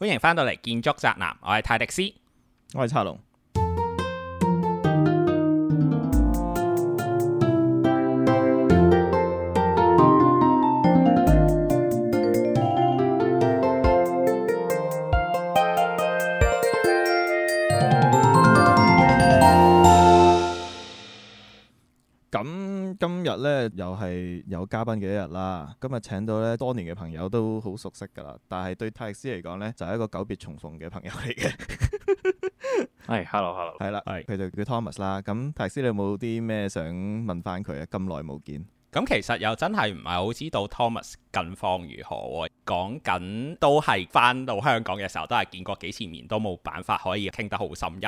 歡迎返到嚟《建築宅男》，我係泰迪斯，我係叉龍。咧又係有嘉賓嘅一日啦，今日請到咧多年嘅朋友都好熟悉㗎啦，但係對泰斯嚟講咧就係、是、一個久別重逢嘅朋友嚟嘅，係、 hey, hello hello 係啦了，係佢 Hey. 就叫 Thomas 啦，咁泰斯你有冇啲咩想問翻佢啊？咁耐冇見。咁其實又真係唔係好知道 Thomas 近況如何啊，講緊都係返到香港嘅時候都係見過幾次面，都冇辦法可以傾得好深入。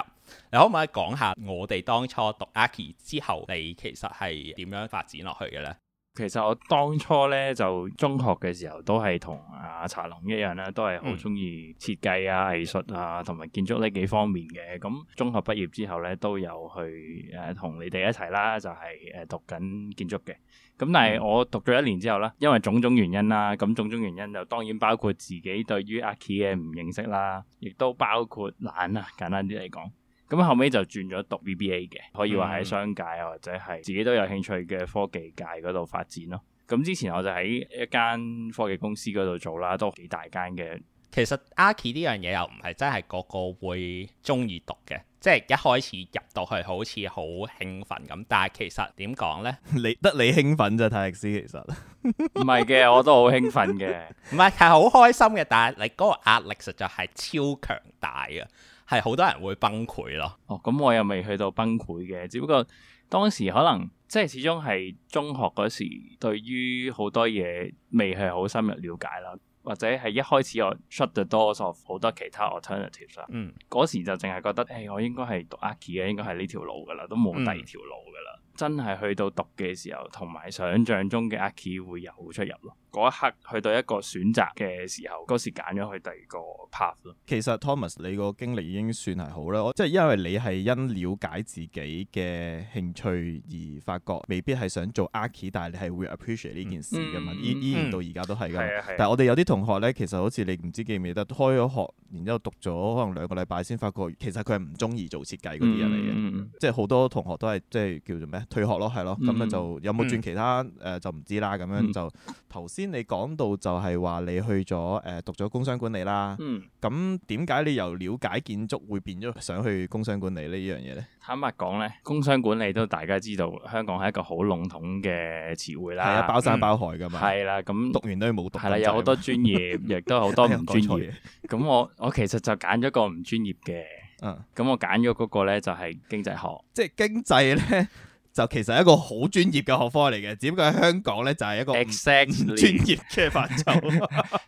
你可唔可以講下我哋當初讀 Aki 之後，你其實係點樣發展落去嘅呢？其實我當初咧就中學嘅時候都係同阿、啊、茶龍一樣啦，都係好中意設計啊、藝術啊同埋建築呢幾方面嘅。咁中學畢業之後咧，都有去誒同、啊、你哋一齊啦，就係、是、誒讀緊建築嘅。咁但係我讀咗一年之後啦，因為種種原因啦，咁種種原因就當然包括自己對於阿 Key 嘅唔認識啦，亦都包括懶啊，簡單啲嚟講。咁後尾就轉咗讀 BBA 嘅，可以話喺商界或者係自己都有興趣嘅科技界嗰度發展咯。咁之前我就喺一間科技公司嗰度做啦，都幾大間嘅。其實 Archi 呢樣嘢又唔係真係個個會中意讀嘅，即係一開始入到去好似好興奮咁，但係其實點講呢？ 你得你興奮啫，泰力斯其實唔係嘅，我都好興奮嘅，唔係係好開心嘅，但係你嗰個壓力實在係超強大啊！係好多人會崩潰咯。哦，咁我又未去到崩潰嘅，只不過當時可能即係始終係中學嗰時，對於好多嘢，未係好深入了解啦，或者係一開始我 shut the doors of 好多其他 alternatives 啦。嗯，嗰時就淨係覺得，誒，我應該係讀 Archi 嘅，應該係呢條路噶啦，都冇第二條路噶啦。嗯，真係去到讀嘅時候，同埋想象中嘅 Archi 會有出入咯。一刻去到一個選擇嘅時候，時揀咗去第二個 part 咯。其實 Thomas，你個經歷已經算係好啦。我即係因為你係因了解自己嘅興趣而發覺未必係想做 archi，但係你係會 appreciate 呢件事嘅嘛。Mm hmm. 依依然，到而家都係嘅。嗯嗯、但係我哋有啲同學咧，其實好似你唔知記唔記得，開咗學，然之後讀咗可能兩個禮拜先發覺其實佢係唔中意做設計啲人嚟嘅。即係好多同學都係即係叫做咩？退學咯，係咯。咁啊、mm hmm. 就有冇轉其他誒、呃、就唔知啦。咁樣就頭先。先你講到就係話你去咗誒讀咗工商管理啦，咁點解你由了解建築會變咗想去工商管理呢樣嘢呢？坦白講呢，工商管理都大家知道香港係一個好籠統嘅詞彙啦，嗯、包山包海㗎嘛。係啦，咁、嗯、讀完都冇讀的。係啦，有好多專業亦都好多唔專業。咁 我我其實就揀咗個唔專業嘅，咁、嗯、我揀咗嗰個呢就係經濟學，嗯、即係經濟呢。就其實係一個好專業嘅學科嚟嘅，只不過喺香港咧就係、是、一個唔專業嘅範疇，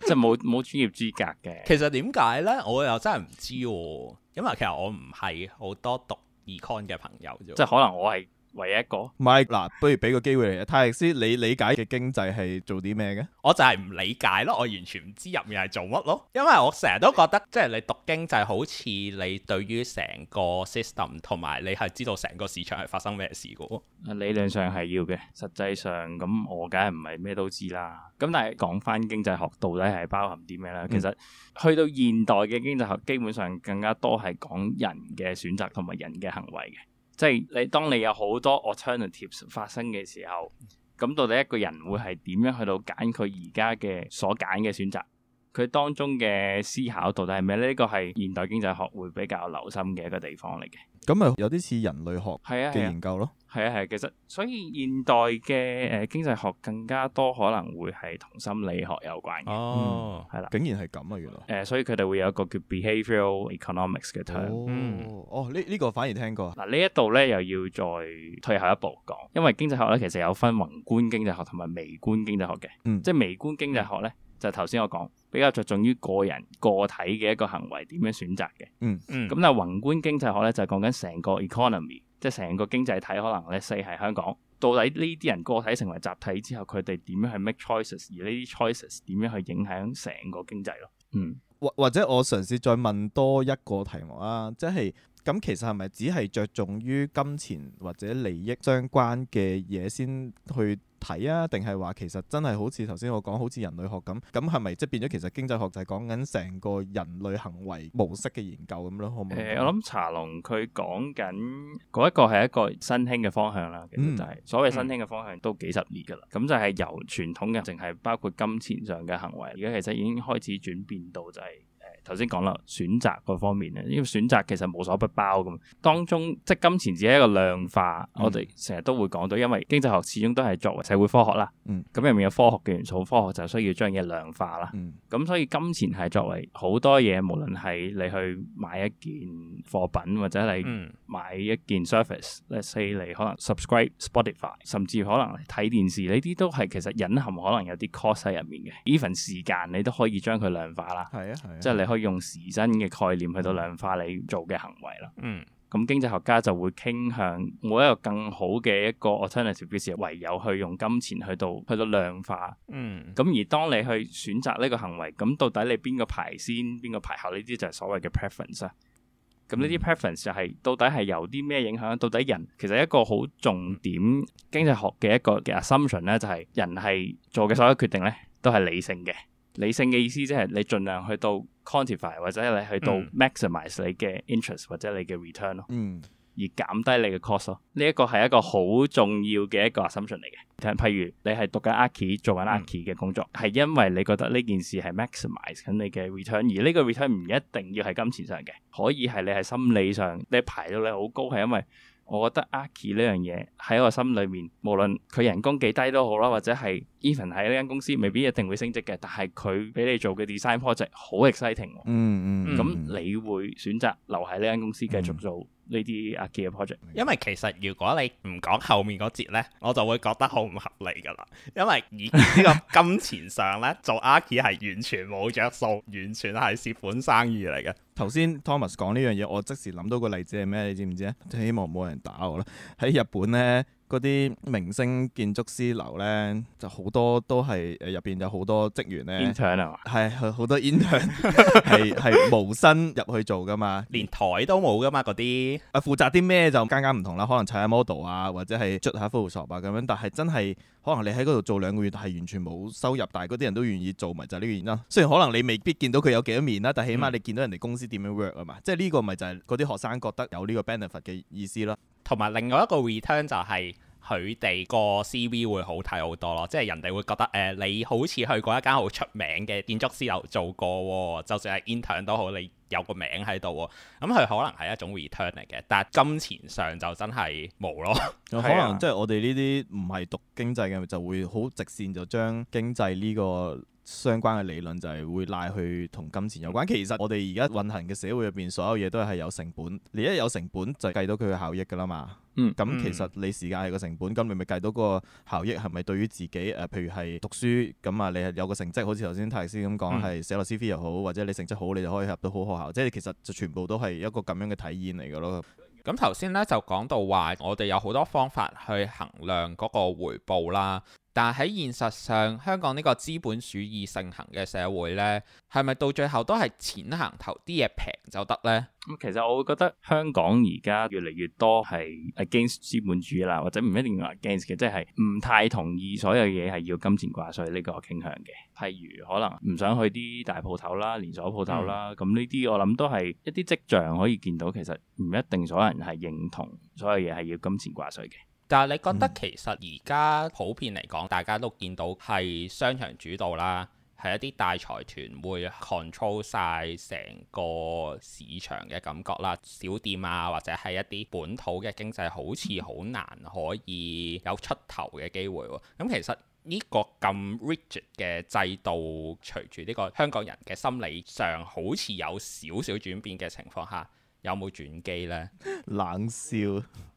即係冇冇專業資格嘅。其實點解咧？我又真係唔知喎、啊，因為其實我唔係好多讀 Econ 嘅朋友啫，即係可能我係。唯一一個唔係嗱，不如俾個機會嚟啊！Thomas，你理解嘅經濟係做啲咩嘅？我就係唔理解咯，我完全唔知入面係做乜咯。因為我成日都覺得，即係你讀經濟，好似你對於成個 system 同埋你係知道成個市場係發生咩事嘅喎。理論上係要嘅，實際上咁我梗係唔係咩都知啦。咁但係講返經濟學到底係包含啲咩咧？嗯、其實去到現代嘅經濟學，基本上更加多係講人嘅選擇同埋人嘅行為嘅。即係你當你有好多 alternatives 發生嘅時候，咁到底一個人會係點樣去到揀佢而家嘅所揀嘅選擇？佢當中嘅思考到底係咩呢？呢個係現代經濟學會比較留心嘅一個地方嚟嘅。咁咪有啲似人類學嘅研究咯？係啊係、啊啊啊，其實所以現代嘅誒、呃、經濟學更加多可能會係同心理學有關嘅。哦、啊，係啦的，竟然係咁啊，原來。誒，所以佢哋會有一個叫 behavioral economics 嘅 term 哦，呢呢、嗯哦呢個反而聽過嗱。呢一度咧又要再退後一步講，因為經濟學咧其實有分宏觀經濟學同埋微觀經濟學嘅。嗯、即係微觀經濟學咧，就頭、是、先我講。比較着重於個人個體嘅一個行為點樣選擇嘅，嗯，嗯嗯，咁但係宏觀經濟學咧就係、是、講緊成個 economy，即係成個經濟體，可能你四係香港，到底呢啲人個體成為集體之後，佢哋點樣去 make choices，而呢啲 choices 點樣去影響成個經濟咯？嗯，或或者我嘗試再問多一個題目啊，即係咁其實係咪只係着重於金錢或者利益相關嘅嘢先去？睇啊，定係話其實真係好似頭先我講，好似人類學咁，咁係咪即係變咗？其實經濟學就係講緊成個人類行為模式嘅研究咁咯。好唔好？呃，我諗茶龍佢講緊嗰一個係一個新興嘅方向啦，其實就係、是嗯、所謂新興嘅方向都幾十年噶啦，咁、嗯、就係由傳統嘅淨係包括金錢上嘅行為，而家其實已經開始轉變到就係、是。頭先講啦，選擇嗰方面咧，因為選擇其實無所不包咁，當中即係金錢只係一個量化。嗯、我哋成日都會講到，因為經濟學始終都係作為社會科學啦。嗯，咁入面有科學嘅元素，科學就需要將嘢量化啦。嗯，咁所以金錢係作為好多嘢，無論係你去買一件貨品或者你買一件 service, let's say 你可能 subscribe Spotify，甚至可能睇電視呢啲都係其實隱含可能有啲 cost 喺入面嘅。even 時間你都可以將佢量化啦。係啊，即係你。用時薪嘅概念去到量化你做嘅行為啦。嗯，咁經濟學家就會傾向冇一個更好嘅一個 alternative 嘅時候，唯有去用金錢去到去到量化。嗯，咁而當你去選擇呢個行為，咁到底你邊個排先，邊個排後？呢啲就係所謂嘅 preference 啊。咁呢啲 preference 就係到底係由啲咩影響？嗯、到底人其實一個好重點、嗯、經濟學嘅一個嘅 assumption 咧，就係人係做嘅所有決定咧都係理性嘅。理性嘅意思即係你盡量去到 quantify 或者你去到 maximize 你嘅 interest 或者你嘅 return 咯、嗯，而減低你嘅 cost 咯。呢一個係一個好重要嘅一個 assumption 嚟嘅。譬如你係讀緊 Archi 做緊 Archi 嘅工作，係、嗯、因為你覺得呢件事係 maximize 緊你嘅 return，而呢個 return 唔一定要係金錢上嘅，可以係你係心理上你排到你好高係因為。我覺得 Archi 呢樣嘢喺我心裏面，無論佢人工幾低都好啦，或者係 even 喺呢間公司未必一定會升職嘅，但係佢畀你做嘅 design project 好 exciting、嗯。嗯嗯，咁你會選擇留喺呢間公司繼續做？嗯呢啲阿杰嘅 project，因為其實如果你唔講後面嗰節咧，我就會覺得好唔合理噶啦。因為以呢個金錢上咧， 做阿杰係完全冇着數，完全係蝕本生意嚟嘅。頭先 Thomas 講呢樣嘢，我即時諗到個例子係咩？你知唔知咧？希望冇人打我啦。喺日本咧。嗰啲明星建築師樓咧，就好多都係誒入邊有好多職員咧 intern 好多 intern 係無薪入去做噶嘛， 連台都冇噶嘛嗰啲，誒、啊、負責啲咩就間間唔同啦，可能砌下 model 啊，或者係捽下 Photoshop 啊咁樣，但係真係。可能你喺嗰度做兩個月，但係完全冇收入，但係嗰啲人都願意做，咪就係呢個原因啦。雖然可能你未必見到佢有幾多面啦，但係起碼你見到人哋公司點樣 work 啊嘛。即係呢個咪就係嗰啲學生覺得有呢個 benefit 嘅意思囉。同埋另外一個 return 就係、是。佢哋個 CV 會好睇好多咯，即係人哋會覺得誒、呃，你好似去過一間好出名嘅建築師樓做過喎，就算係 intern 都好，你有個名喺度喎，咁、嗯、佢可能係一種 return 嚟嘅，但係金錢上就真係冇咯。可能即係我哋呢啲唔係讀經濟嘅，就會好直線就將經濟呢、這個。相關嘅理論就係會拉去同金錢有關。嗯、其實我哋而家運行嘅社會入邊，所有嘢都係有成本。你一有成本就計到佢嘅效益㗎啦嘛。咁、嗯、其實你時間係個成本，咁、嗯、你咪計到嗰個效益係咪對於自己？誒、啊，譬如係讀書，咁啊你係有個成績，好似頭先 Thomas 咁講，係、嗯、寫落 CV 又好，或者你成績好，你就可以入到好學校。即係其實就全部都係一個咁樣嘅體驗嚟㗎咯。咁頭先咧就講到話，我哋有好多方法去衡量嗰個回報啦。但喺現實上，香港呢個資本主義盛行嘅社會呢，係咪到最後都係錢行頭啲嘢平就得呢？咁其實我會覺得香港而家越嚟越多係 against 資本主義啦，或者唔一定話 against 嘅，即係唔太同意所有嘢係要金錢掛帥呢個傾向嘅。譬如可能唔想去啲大鋪頭啦、連鎖鋪頭啦，咁呢啲我諗都係一啲跡象可以見到，其實唔一定所有人係認同所有嘢係要金錢掛帥嘅。但係你覺得其實而家普遍嚟講，大家都見到係商場主導啦，係一啲大財團會 control 曬成個市場嘅感覺啦。小店啊，或者係一啲本土嘅經濟，好似好難可以有出頭嘅機會。咁、嗯、其實呢個咁 rigid 嘅制度，隨住呢個香港人嘅心理上好似有少少轉變嘅情況下，有冇轉機呢？冷笑。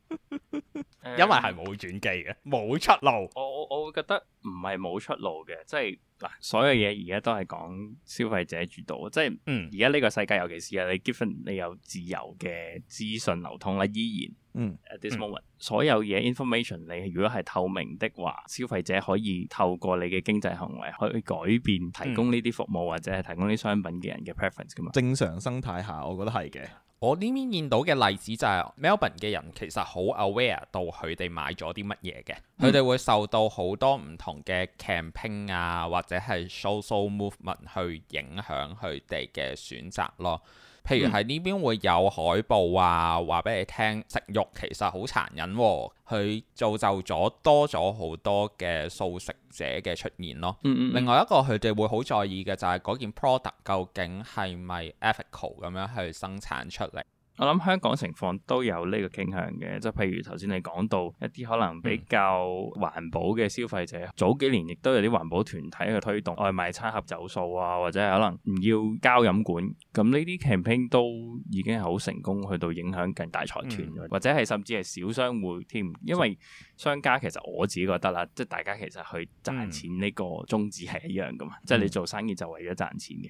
因為係冇轉機嘅，冇出路。我我我會覺得唔係冇出路嘅，即係嗱，所有嘢而家都係講消費者主導，即係，嗯，而家呢個世界，尤其是啊，你 given 你有自由嘅資訊流通啦，依然嗯 at this moment 嗯，所有嘢 information 你如果係透明的話，消費者可以透過你嘅經濟行為去改變，提供呢啲服務、嗯、或者係提供啲商品嘅人嘅 preference 噶嘛。正常生態下，我覺得係嘅。我呢邊見到嘅例子就係 Melbourne 嘅人其實好 aware 到佢哋買咗啲乜嘢嘅，佢哋、嗯、會受到好多唔同嘅 campaign 啊或者係 social movement 去影響佢哋嘅選擇咯。譬如係呢邊會有海報啊，話俾你聽，食肉其實好殘忍喎，佢造就咗多咗好多嘅素食者嘅出現咯。嗯嗯嗯。另外一個佢哋會好在意嘅就係嗰件 product 究竟係咪 ethical 咁樣去生產出嚟。我諗香港情況都有呢個傾向嘅，即係譬如頭先你講到一啲可能比較環保嘅消費者，嗯、早幾年亦都有啲環保團體去推動，外賣餐盒走塑啊，或者可能唔要膠飲管，咁呢啲 campaign 都已經係好成功，去到影響更大財團，嗯、或者係甚至係小商戶添。因為商家其實我自己覺得啦，嗯、即係大家其實去賺錢呢個宗旨係一樣噶嘛，即係、嗯、你做生意就為咗賺錢嘅。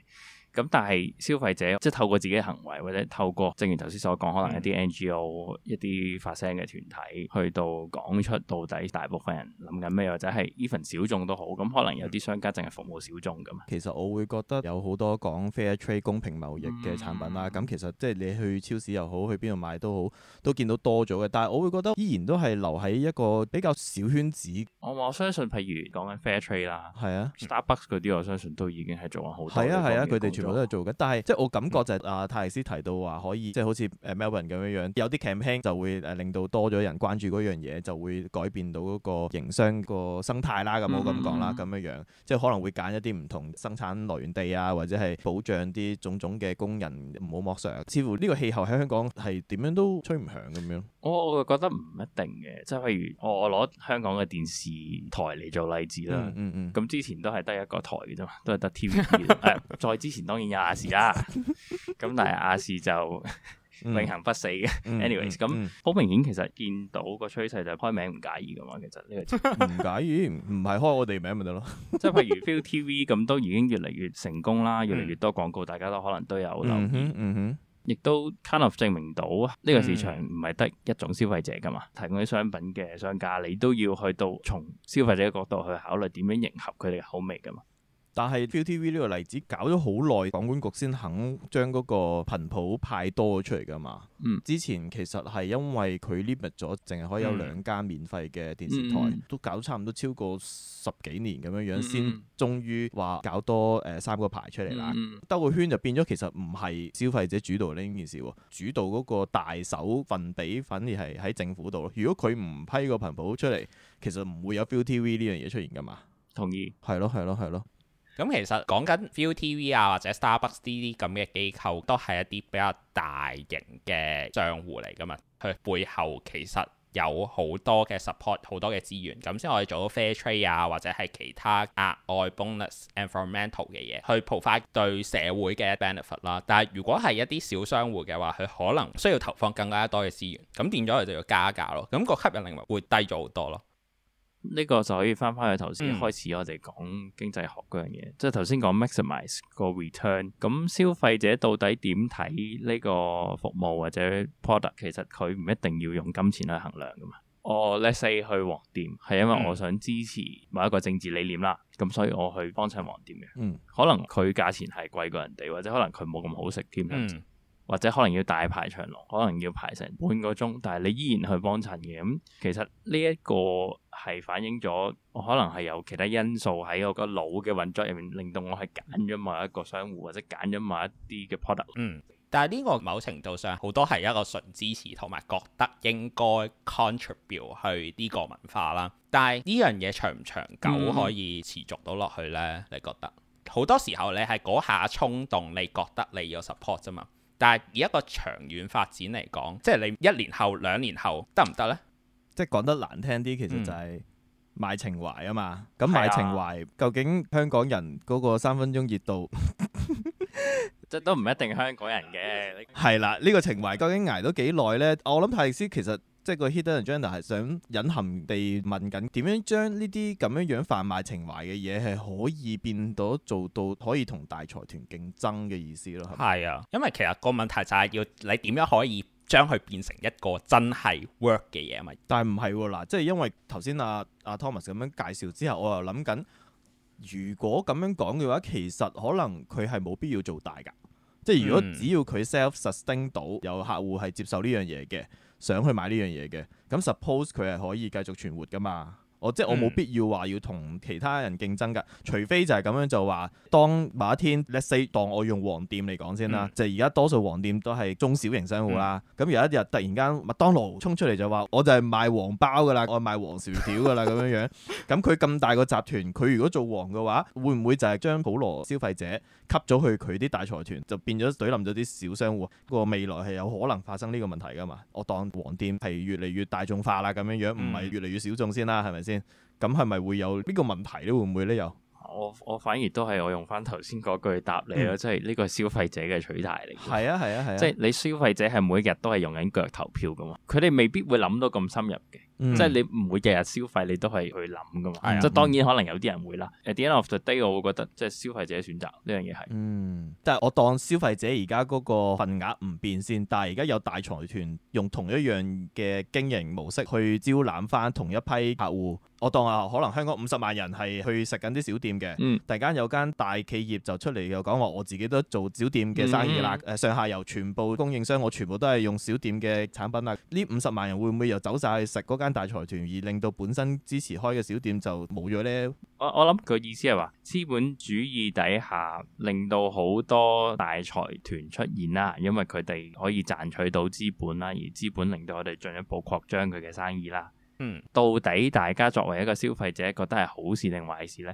咁但係消費者即係透過自己嘅行為，或者透過正如頭先所講，可能一啲 NGO、一啲發聲嘅團體，去到講出到底大部分人諗緊咩，或者係 even 小眾都好，咁可能有啲商家淨係服務小眾咁。其實我會覺得有好多講 fair trade 公平貿易嘅產品啦，咁、嗯、其實即係你去超市又好，去邊度買都好，都見到多咗嘅。但係我會覺得依然都係留喺一個比較小圈子。我話我相信，譬如講緊 fair trade 啦，係啊，Starbucks 嗰啲，我相信都已經係做咗好多。係啊係啊，佢哋、全我都係做嘅，但係即係我感覺就係、是、阿、呃、泰利斯提到話可以，即係好似誒、啊、Melbourne 咁樣樣，有啲 campaign 就會誒、啊、令到多咗人關注嗰樣嘢，就會改變到嗰個營商個生態啦。咁我咁講啦，咁、嗯、樣樣即係可能會揀一啲唔同生產來源地啊，或者係保障啲種種嘅工人唔好剝削。似乎呢個氣候喺香港係點樣都吹唔響咁樣。我我覺得唔一定嘅，即係譬如我攞香港嘅電視台嚟做例子啦，咁、嗯嗯、之前都係得一個台嘅啫嘛，都係得 TV， 哎、再之前當然有亞視啦，咁 但係亞視就 永恆不死嘅。Anyways，咁好明顯其實見到個趨勢就開名唔介意嘅嘛，其實呢個唔介意，唔係開我哋名咪得咯。 即係譬如 ViuTV 咁，都已經越嚟越成功啦，越嚟越多廣告，大家都可能都有留意、嗯。嗯嗯亦都 can kind of 證明到呢個市場唔係得一種消費者噶嘛，提供啲商品嘅商家，你都要去到從消費者嘅角度去考慮點樣迎合佢哋嘅口味噶嘛。但係，ViuTV 呢個例子搞咗好耐，港管局先肯將嗰個頻譜派多咗出嚟㗎嘛。嗯、之前其實係因為佢 limit 咗，淨係可以有兩間免費嘅電視台，嗯、都搞差唔多超過十幾年咁樣樣，先、嗯、終於話搞多誒三個牌出嚟啦。嗯、兜個圈就變咗，其實唔係消費者主導呢件事喎，主導嗰個大手份比反而係喺政府度咯。如果佢唔批個頻譜出嚟，其實唔會有 ViuTV 呢樣嘢出現㗎嘛。同意。係咯，係咯，係咯。咁其實講緊 ViuTV 啊或者 Starbucks 呢啲咁嘅機構，都係一啲比較大型嘅帳戶嚟㗎嘛。佢背後其實有好多嘅 support，好多嘅資源，咁先可以做到 fair trade 啊或者係其他額外 bonus environmental 嘅嘢，去 provide 對社會嘅 benefit 啦。但係如果係一啲小商戶嘅話，佢可能需要投放更加多嘅資源，咁變咗佢就要加價咯。咁、嗰個吸引力會低咗好多咯。呢個就可以翻翻去頭先開始我講，我哋講經濟學嗰樣嘢，即係頭先講 maximize 個 return。咁消費者到底點睇呢個服務或者 product？其實佢唔一定要用金錢去衡量㗎嘛。我 let's say 去黃店係因為我想支持某一個政治理念啦，咁所以我去幫襯黃店嘅。嗯，可能佢價錢係貴過人哋，或者可能佢冇咁好食添。嗯。或者可能要大排長龍，可能要排成半個鐘，但係你依然去幫襯嘅，咁，其實呢一個係反映咗，可能係有其他因素喺我個腦嘅運作入面，令到我係揀咗某一個商戶或者揀咗某一啲嘅 product。嗯，但係呢個某程度上好多係一個純支持同埋覺得應該 contribute 去呢個文化啦。但係呢樣嘢長唔長久、嗯、可以持續到落去呢？你覺得好多時候你係嗰下衝動，你覺得你要 support 啫嘛？但係以一個長遠發展嚟講，即係你一年後、兩年後得唔得呢？即係講得難聽啲，其實就係賣情懷啊嘛。咁、嗯、賣情懷的，究竟香港人嗰個三分鐘熱度， 即都唔一定香港人嘅。係啦， 呢、呢個情懷究竟捱咗幾耐呢？我諗泰斯其實。即係個 hidden agenda 係想隱含地問緊點樣將呢啲咁樣樣販賣情懷嘅嘢係可以變到做到可以同大財團競爭嘅意思咯，係咪？係啊，因為其實個問題就係要你點樣可以將佢變成一個真係 work 嘅嘢咪？是是但係唔係嗱，即係因為頭先阿、啊、阿、啊、Thomas 咁樣介紹之後，我又諗緊如果咁樣講嘅話，其實可能佢係冇必要做大㗎。即係如果只要佢 self-sustaining 到有客戶係接受呢樣嘢嘅。想去買呢樣嘢嘅，咁 suppose 佢係可以繼續存活㗎嘛？即我即係我冇必要話要同其他人競爭㗎，嗯、除非就係咁樣就話，當某一天，Let's say，當我用黃店嚟講先啦，嗯、就而家多數黃店都係中小型商戶啦。咁、嗯、有一日突然間麥當勞衝出嚟就話，我就係賣黃包㗎啦，我賣黃薯條㗎啦咁樣樣。咁佢咁大個集團，佢如果做黃嘅話，會唔會就係將普羅消費者吸咗去佢啲大財團，就變咗懟冧咗啲小商戶？個未來係有可能發生呢個問題㗎嘛？我當黃店係越嚟越大眾化啦，咁樣樣唔係越嚟越小眾先啦，係咪？是咁係咪會有呢個問題咧？會唔會咧？有？ 我我反而都係我用翻頭先嗰句答你咯，即係呢個消費者嘅取態嚟。係啊係啊係啊，啊啊即係你消費者係每一日都係用緊腳投票噶嘛，佢哋未必會諗到咁深入嘅。嗯、即係你唔會日日消費，你都係去諗噶嘛？嗯、即係當然可能有啲人會啦。At、嗯、the end of the day，我會覺得即係消費者嘅選擇呢樣嘢係。嗯，但係我當消費者而家嗰個份額唔變先，但係而家有大財團用同一樣嘅經營模式去招攬翻同一批客戶。我當啊，可能香港五十萬人係去食緊啲小店嘅，嗯、突然間有間大企業就出嚟又講話，我自己都做小店嘅生意啦、嗯嗯呃。上下游全部供應商我全部都係用小店嘅產品啦。呢五十萬人會唔會又走晒去食嗰間？大財團而令到本身支持開嘅小店就冇咗呢？我我諗佢意思係話資本主義底下令到好多大財團出現啦，因為佢哋可以賺取到資本啦，而資本令到我哋進一步擴張佢嘅生意啦。嗯，到底大家作為一個消費者，覺得係好事定壞事呢？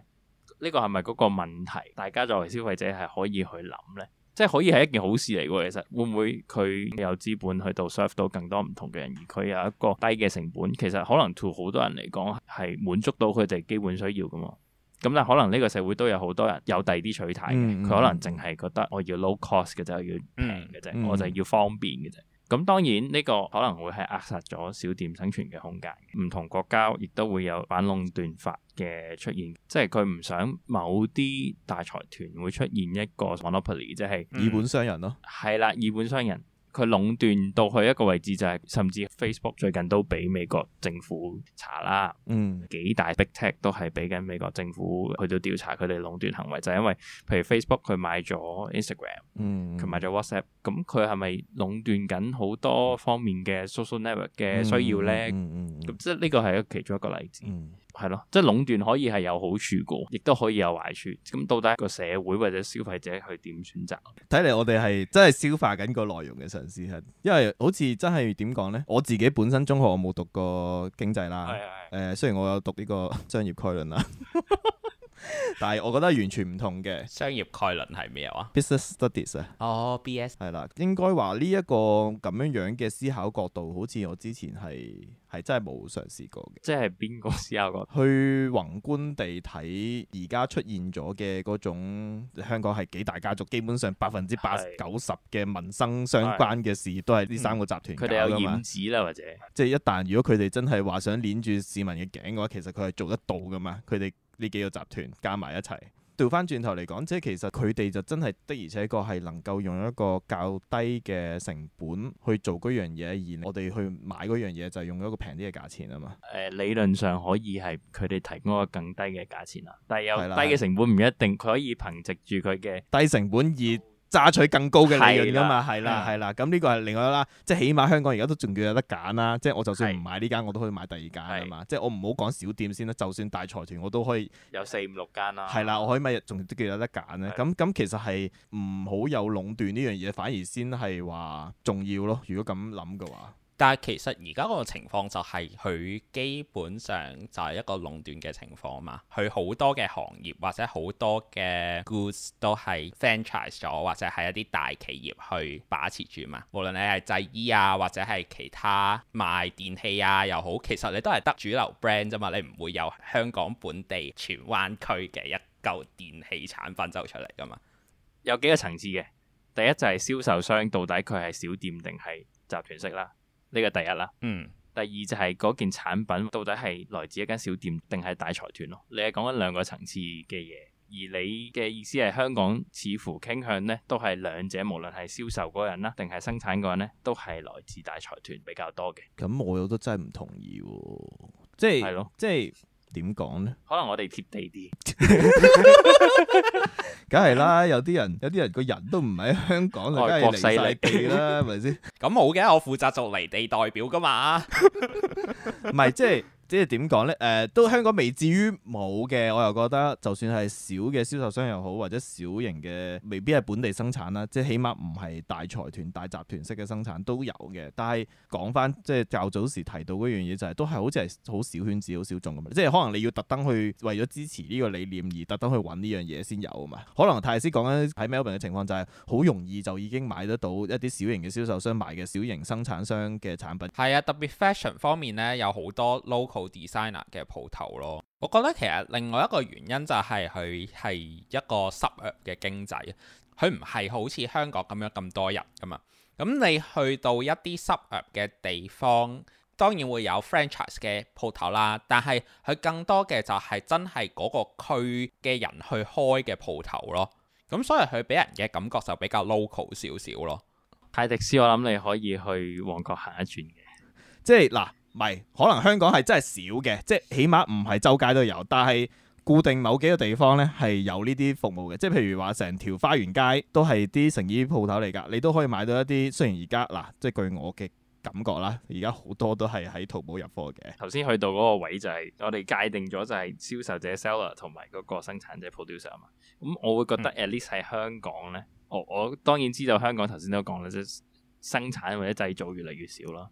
呢個係咪嗰個問題？大家作為消費者係可以去諗呢。即係可以係一件好事嚟喎，其實會唔會佢有資本去到 serve 到更多唔同嘅人，而佢有一個低嘅成本，其實可能對好多人嚟講係滿足到佢哋基本需要㗎嘛。咁但可能呢個社會都有好多人有第二啲取態嘅，佢可能淨係覺得我要 low cost 嘅就係要平嘅啫，我就係要方便嘅啫。咁當然呢、這個可能會係扼殺咗小店生存嘅空間，唔同國家亦都會有反壟斷法嘅出現，即係佢唔想某啲大財團會出現一個 monopoly，即係以本傷人咯、啊。係啦、嗯，以本傷人。佢壟斷到去一個位置就係、是，甚至 Facebook 最近都俾美國政府查啦，嗯、幾大 big tech 都係俾緊美國政府去到調查佢哋壟斷行為，就係、是、因為，譬如 Facebook 佢買咗 Instagram，佢、嗯、買咗 WhatsApp，咁佢係咪壟斷緊好多方面嘅 social network 嘅需要咧？咁、嗯嗯嗯嗯、即係呢個係一個其中一個例子。嗯。係咯，即係壟斷可以係有好處過，亦都可以有壞處。咁到底個社會或者消費者去點選擇？睇嚟，我哋係真係消化緊個內容嘅嘗試，係因為好似真係點講呢？我自己本身中學我冇讀過經濟啦，係係、呃、雖然我有讀呢個商業概論啦。 但係我覺得完全唔同嘅，商業概論係咩啊 Business studies 啊，哦，B S 係啦，應該話呢一個咁樣樣嘅思考角度，好似我之前係係真係冇嘗試過嘅，即係邊個思考過？ 去宏觀地睇而家出現咗嘅嗰種香港係幾大家族，基本上百分之八九十嘅民生相關嘅事業的都係呢三個集團、嗯、搞噶嘛？佢哋有染指啦，或者即係一旦如果佢哋真係話想捏住市民嘅頸嘅話，其實佢係做得到噶嘛？佢哋。呢幾個集團加埋一齊，調翻轉頭嚟講，即係其實佢哋就真係的而且確係能夠用一個較低嘅成本去做嗰樣嘢，而我哋去買嗰樣嘢就係用一個平啲嘅價錢啊嘛。誒，理論上可以係佢哋提供一個更低嘅價錢啦，但係有低嘅成本唔一定，佢可以憑藉住佢嘅低成本以榨取更高嘅利潤㗎嘛，係啦，係啦，咁呢個係另外啦，即係起碼香港而家都仲叫有得揀啦，即係我就算唔買呢間，我都可以買第二間啊嘛，即係我唔好講小店先啦，就算大財團，我都可以有四五六間啦，係啦，我可以咪仲都叫有得揀咧，咁咁其實係唔好有壟斷呢樣嘢，反而先係話重要咯，如果咁諗嘅話。但係其實而家個情況就係佢基本上就係一個壟斷嘅情況嘛。佢好多嘅行業或者好多嘅 goods 都係 franchise 咗或者係一啲大企業去把持住嘛。無論你係製衣啊或者係其他賣電器啊又好，其實你都係得主流 brand 啫嘛。你唔會有香港本地荃灣區嘅一嚿電器產品走出嚟㗎嘛。有幾個層次嘅，第一就係銷售商到底佢係小店定係集團式啦。呢個第一啦，嗯，第二就係、是、嗰件產品到底係來自一間小店定係大財團咯。你係講緊兩個層次嘅嘢，而你嘅意思係香港似乎傾向咧，都係兩者無論係銷售嗰人啦，定係生產嗰人咧，都係來自大財團比較多嘅。咁、嗯嗯、我我都真係唔同意喎，即係，係咯，即係。點講咧？可能我哋貼地啲，梗係啦。有啲人，有啲人個人都唔喺香港，梗係離曬地啦，係咪先？咁好嘅，我負責做離地代表㗎嘛，唔係即係。就是即係點講咧？誒、呃，都香港未至於冇嘅。我又覺得，就算係小嘅銷售商又好，或者小型嘅，未必係本地生產啦。即係起碼唔係大財團、大集團式嘅生產都有嘅。但係講翻，即係較早時提到嗰樣嘢，就係都係好似係好小圈子、好小眾咁。即係可能你要特登去為咗支持呢個理念而特登去揾呢樣嘢先有啊嘛。可能 Thomas 講緊喺 Melbourne 嘅情況就係好容易就已經買得到一啲小型嘅銷售商賣嘅小型生產商嘅產品。係啊，特別 fashion 方面咧，有好多 local designer 嘅鋪頭咯，我覺得其實另外一個原因就係佢係一個濕弱嘅經濟，佢唔係好似香港咁樣咁多人咁啊。咁你去到一啲濕弱嘅地方，當然會有 franchise 嘅鋪頭啦，但係佢更多嘅就係真係嗰個區嘅人去開嘅鋪頭咯。咁所以佢俾人嘅感覺就比較 local 少少咯。泰迪斯，我諗你可以去旺角行一轉嘅，即係嗱。唔係，可能香港係真係少嘅，即係起碼唔係周街都有，但係固定某幾個地方咧係有呢啲服務嘅，即係譬如話成條花園街都係啲成衣鋪頭嚟㗎，你都可以買到一啲。雖然而家嗱，即係據我嘅感覺啦，而家好多都係喺淘寶入貨嘅。頭先去到嗰個位就係、是、我哋界定咗就係銷售者 seller 同埋嗰個生產者 producer 啊嘛，咁我會覺得 at least 喺香港咧，我、哦、我當然知道香港頭先都講啦，即係生產或者製造越嚟越少咯。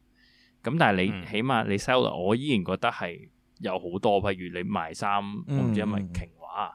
咁但係你起碼你 sell、嗯、我依然覺得係有好多，譬如你賣衫，我唔知係咪瓊華啊，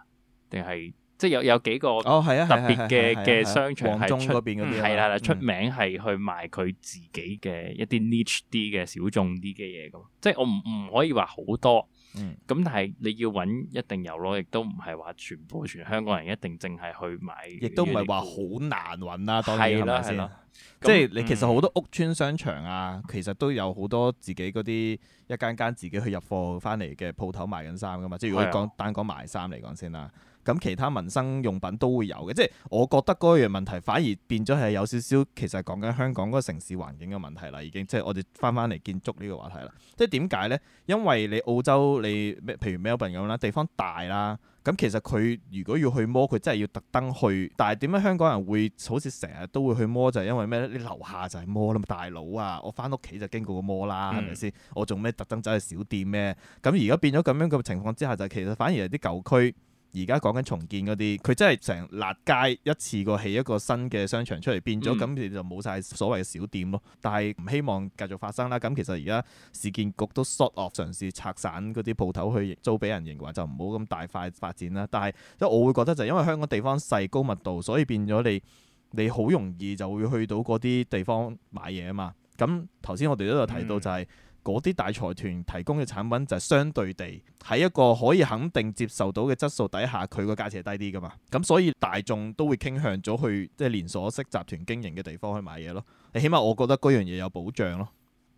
定係即係有有幾個、哦啊、特別嘅嘅、哦啊、商場係出邊嗰啲係啦，出名係去賣佢自己嘅一啲 niche 啲嘅小眾啲嘅嘢咁，嗯、即係我唔唔可以話好多。咁、嗯、但係你要揾一定有咯，亦都唔係話全部全香港人一定淨係去買，亦都唔係話好難揾啦、啊，當然啦，係啦，即係你其實好多屋邨商場啊，其實都有好多自己嗰啲一間間自己去入貨翻嚟嘅鋪頭賣緊衫噶嘛。嗯、即係如果講的單講賣衫嚟講先啦。咁其他民生用品都會有嘅，即係我覺得嗰樣問題反而變咗係有少少，其實係講緊香港嗰個城市環境嘅問題啦。已經即係我哋翻翻嚟建築呢個話題啦。即係點解咧？因為你澳洲你咩，譬如 Melbourne 咁啦，地方大啦，咁其實佢如果要去摸，佢真係要特登去。但係點解香港人會好似成日都會去摸？就係因為咩咧？你樓下就係摸啦，大佬啊，我翻屋企就經過個摸啦，係咪先？我做咩特登走去小店咩？咁而家變咗咁樣嘅情況之下，就其實反而係啲舊區。而家講緊重建嗰啲，佢真係成落街一次過起一個新嘅商場出嚟，變咗咁，你就冇晒所謂嘅小店咯。但係唔希望繼續發生啦。咁其實而家市建局都縮落，嘗試拆散嗰啲鋪頭去租俾人營嘅，就唔好咁大塊發展啦。但係即我會覺得就係因為香港地方細、高密度，所以變咗你你好容易就會去到嗰啲地方買嘢啊嘛。咁頭先我哋都有提到就係、是。嗯嗰啲大財團提供嘅產品就係相對地喺一個可以肯定接受到嘅質素底下，佢個價錢係低啲㗎嘛。咁所以大眾都會傾向咗去即係連鎖式集團經營嘅地方去買嘢咯。你起碼我覺得嗰樣嘢有保障咯。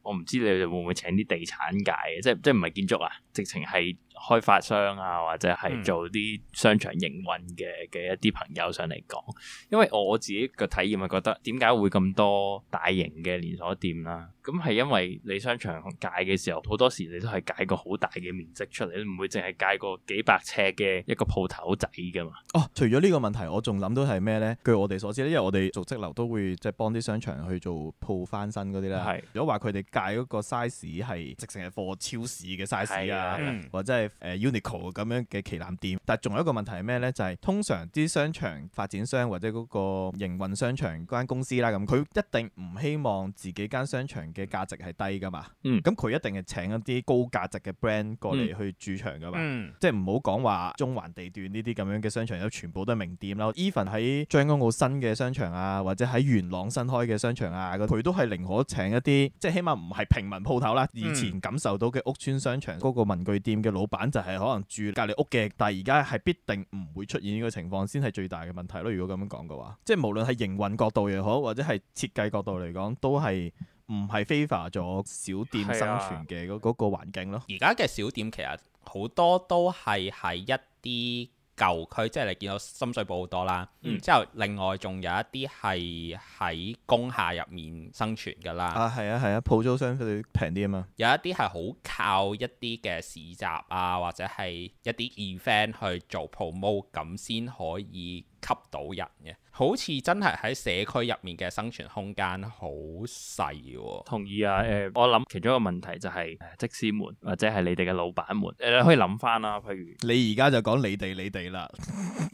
我唔知你哋會唔會請啲地產界，即係即係唔係建築啊，直情係。開發商啊，或者係做啲商場營運嘅嘅一啲朋友上嚟講，嗯、因為我自己嘅體驗係覺得點解會咁多大型嘅連鎖店啦？咁係因為你商場界嘅時候，好多時你都係界個好大嘅面積出嚟，唔會淨係界個幾百尺嘅一個鋪頭仔㗎嘛。哦，除咗呢個問題，我仲諗到係咩呢？據我哋所知咧，因為我哋做則樓都會即係幫啲商場去做鋪翻新嗰啲啦。係是，如果話佢哋界嗰個 size 係直成係 for 超市嘅 size 啊，的嗯、或者係。誒、uh, Uniqlo 咁樣嘅旗艦店，但係仲有一個問題係咩咧？就係、是、通常啲商場發展商或者嗰個營運商場間公司啦，咁佢一定唔希望自己間商場嘅價值係低噶嘛。咁佢、嗯、一定係請一啲高價值嘅 brand 過嚟去駐場噶嘛。嗯、即係唔好講話中環地段呢啲咁樣嘅商場有全部都係名店啦。Even 喺將軍澳新嘅商場啊，或者喺元朗新開嘅商場啊，佢都係寧可請一啲即係起碼唔係平民鋪頭啦。以前感受到嘅屋村商場嗰個文具店嘅老闆。就係可能住隔離屋嘅，但係而家係必定唔會出現呢個情況，先係最大嘅問題咯。如果咁樣講嘅話，即係無論係營運角度又好，或者係設計角度嚟講，都係唔係 favor 咗小店生存嘅嗰嗰個環境咯。而家嘅小店其實好多都係喺一啲舊區即係你見到深水埗好多啦，之、嗯、後另外仲有一啲係喺工廈入面生存㗎啦。啊，係啊係啊，鋪租相對平啲啊嘛。有一啲係好靠一啲嘅市集啊，或者係一啲 event 去做 promote，咁先可以吸到人嘅。好似真係喺社區入面嘅生存空間好細喎。同意啊，誒、呃，我諗其中一個問題就係、是、誒，則師們或者係你哋嘅老闆們誒、呃，可以諗翻啦。譬如你而家就講你哋你哋啦，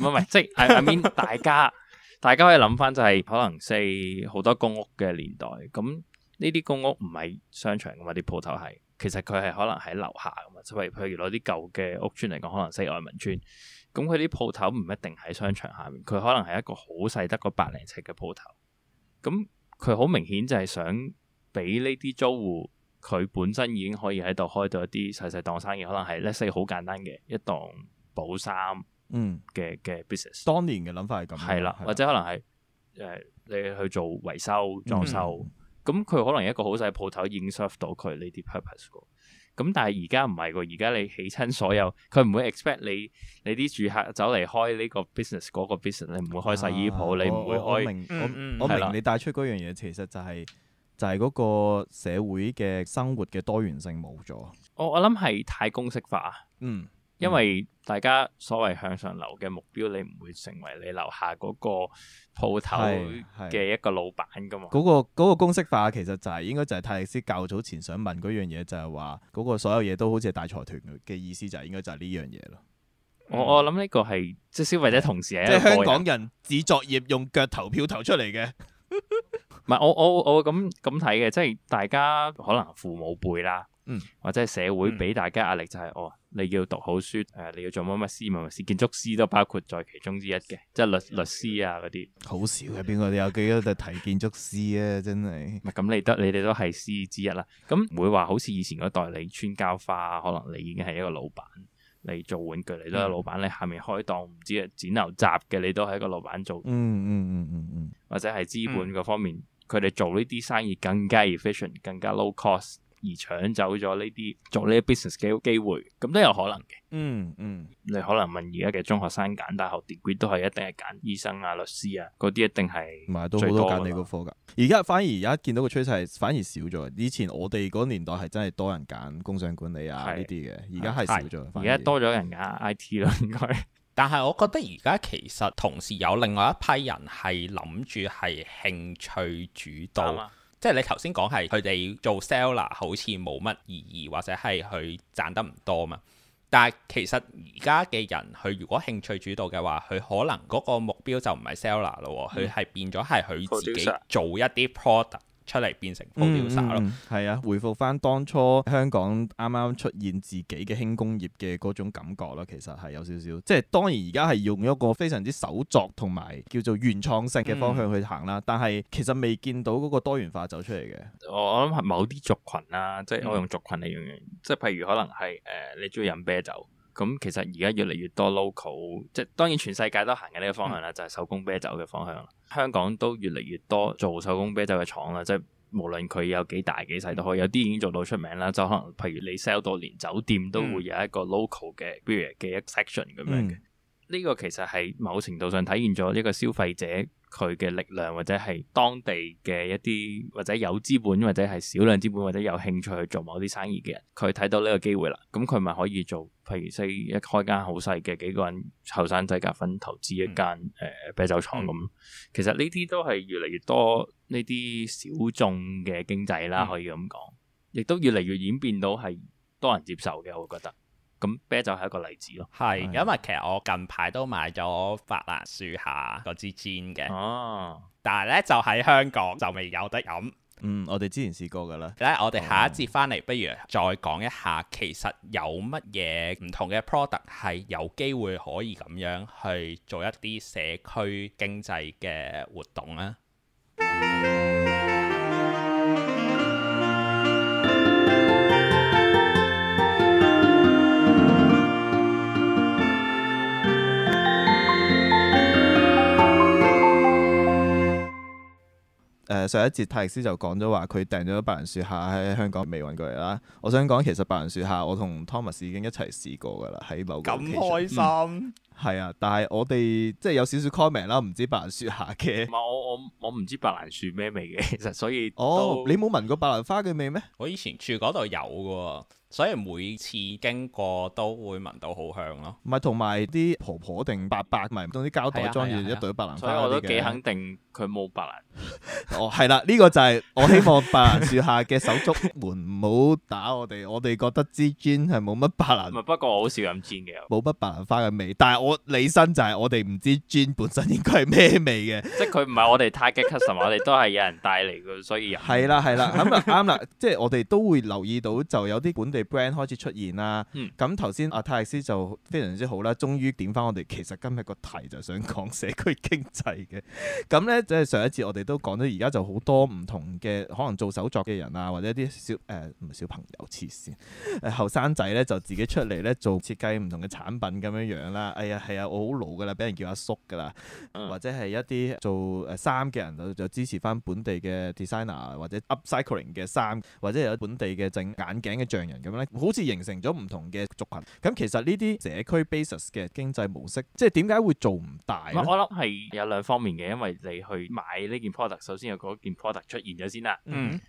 唔係唔係，即係下面大家大家可以諗翻就係、是、可能四好多公屋嘅年代，咁呢啲公屋唔係商場噶嘛，啲鋪頭係其實佢係可能喺樓下噶嘛，即係譬如攞啲舊嘅屋村嚟講，可能四愛民村。咁佢啲鋪頭唔一定喺商場下面，佢可能係一個好細得個百零尺嘅鋪頭。咁佢好明顯就係想俾呢啲租戶，佢本身已經可以喺度開到一啲細細檔生意，可能係 let say 好簡單嘅一檔補衫，嗯嘅嘅 business。當年嘅諗法係咁。係啦，或者可能係誒、呃、你去做維修裝修，咁佢、嗯嗯、可能一個好細鋪頭已經 serve 到佢呢啲 purpose。咁但係而家唔係喎，而家你起親所有，佢唔會 expect 你你啲住客走嚟開呢個 business 嗰個 business，你唔會開洗衣鋪，啊、你唔會開我，我明嗯嗯我，我明你帶出嗰樣嘢，其實就係就係嗰個社會嘅生活嘅多元性冇咗，哦。我我諗係太公式化。嗯。因為大家所謂向上流嘅目標，你唔會成為你樓下嗰個鋪頭嘅一個老闆噶嘛？嗰、那個、那個公式化，其實就係、是、應該就係泰力斯較早前想問嗰樣嘢，就係話嗰個所有嘢都好似係大財團嘅意思、就是，就係應該就係呢樣嘢咯、嗯。我我諗呢個係即係消費者同時係即係香港人，自作業用腳投票投出嚟嘅。唔 係我我我咁咁睇嘅，即係大家可能父母輩啦，嗯、或者係社會俾大家壓力就係、是、哦。你要讀好書，誒、呃，你要做乜乜師咪咪師，建築師都包括在其中之一嘅，即係律律師啊嗰啲，好少嘅，邊個有幾多就睇建築師啊，真係。咁， 你得你哋都係師之一啦。咁唔會話好似以前嗰代你穿膠花，可能你已經係一個老闆，你做玩具，你都係老闆，嗯、你下面開檔唔知啊剪牛雜嘅，你都係一個老闆做嗯。嗯嗯嗯嗯嗯，嗯或者係資本嗰方面，佢哋、嗯、做呢啲生意更加 efficient，更加 low cost。而搶走咗呢啲做呢啲 business 嘅機會，咁都有可能嘅、嗯。嗯嗯，你可能問而家嘅中學生揀大學 degree 都係一定係揀醫生啊、律師啊嗰啲，一定係唔係都好多揀你個科㗎？而家反而而家見到個趨勢，反而少咗。以前我哋嗰年代係真係多人揀工商管理啊呢啲嘅，而家係少咗。而家多咗人揀 IT 咯，應該。但係我覺得而家其實同時有另外一批人係諗住係興趣主導。嗯即係你頭先講係佢哋做 seller 好似冇乜意義，或者係佢賺得唔多嘛？但係其實而家嘅人，佢如果興趣主導嘅話，佢可能嗰個目標就唔係 seller 咯，佢係變咗係佢自己做一啲 product。出嚟變成風鳥沙咯，係、嗯嗯、啊，回復翻當初香港啱啱出現自己嘅輕工業嘅嗰種感覺咯。其實係有少少，即係當然而家係用一個非常之手作同埋叫做原創性嘅方向去行啦。嗯、但係其實未見到嗰個多元化走出嚟嘅。我諗係某啲族群啦、啊，即係我用族群嚟形容，嗯、即係譬如可能係誒、呃、你中意飲啤酒。嗯咁其實而家越嚟越多 local，即係當然全世界都行緊呢個方向啦，嗯、就係手工啤酒嘅方向啦。香港都越嚟越多做手工啤酒嘅廠啦，嗯、即係無論佢有幾大幾細都可以，有啲已經做到出名啦。就可能譬如你 sell 到連酒店都會有一個 local 嘅 brew 嘅、嗯、section 咁樣嘅。呢、嗯、個其實係某程度上體現咗一個消費者。佢嘅力量，或者係當地嘅一啲，或者有資本，或者係少量資本，或者有興趣去做某啲生意嘅人，佢睇到呢個機會啦。咁佢咪可以做，譬如西一開間好細嘅幾個人後生仔夾份投資一間誒、呃、啤酒廠，咁、嗯。其實呢啲都係越嚟越多呢啲小眾嘅經濟啦，可以咁講，亦、嗯、都越嚟越演變到係多人接受嘅。我覺得。咁啤酒係一個例子咯，係是的因為其實我近排都買咗白蘭樹下嗰支 gin 嘅哦，啊、但係呢就喺香港就未有得飲。嗯，我哋之前試過㗎啦。咧，我哋下一節翻嚟，哦、不如再講一下，其實有乜嘢唔同嘅 product 係有機會可以咁樣去做一啲社區經濟嘅活動咧。嗯誒，上一節泰歷斯就講咗話佢訂咗白蘭樹下，喺香港未運過嚟啦。我想講其實白蘭樹下我同 Thomas 已經一齊試過㗎啦，喺某個。咁開心係、嗯、啊！但係我哋即係有少少 comment 啦，唔知白蘭樹下嘅。唔係我我我唔知白蘭樹咩味嘅，其實所以。哦，你冇聞過白蘭花嘅味咩？我以前住嗰度有㗎。所以每次經過都會聞到好香咯。唔係，同埋啲婆婆定伯伯，咪用啲膠袋裝住一袋白蘭花嘅。所以我都幾肯定佢冇白蘭。哦，係啦，呢個就係我希望白蘭樹下嘅手足們唔好打我哋。 我哋覺得支磚係冇乜白蘭花。唔不，不，不過我好少飲磚嘅。冇乜白蘭花嘅味，但係我理身就係我哋唔知磚本身應該係咩味嘅。即係佢唔係我哋 target customer 我哋都係有人帶嚟嘅，所以係啦係啦，咁啊啱啦。即係我哋都會留意到，就有啲本地。brand 開始出現啦，咁頭先阿泰斯就非常之好啦，終於點翻我哋，其實今日個題就想講社區經濟嘅。咁 咧就係、是、上一節我哋都講咗，而家就好多唔同嘅可能做手作嘅人啊，或者啲小誒唔係小朋友黐線，誒後生仔咧就自己出嚟咧做設計唔同嘅產品咁樣樣啦，哎呀係啊，我好老噶啦，俾人叫阿叔噶啦，嗯、或者係一啲做誒衫嘅人就支持翻本地嘅 designer 或者 upcycling 嘅衫，或者有本地嘅整眼鏡嘅匠人咁。好似形成咗唔同嘅族群，咁其實呢啲社區 basis 嘅經濟模式，即係點解會做唔大？可能係有兩方面嘅，因為你去買呢件 product，首先有嗰件 product 出現咗先啦。嗯，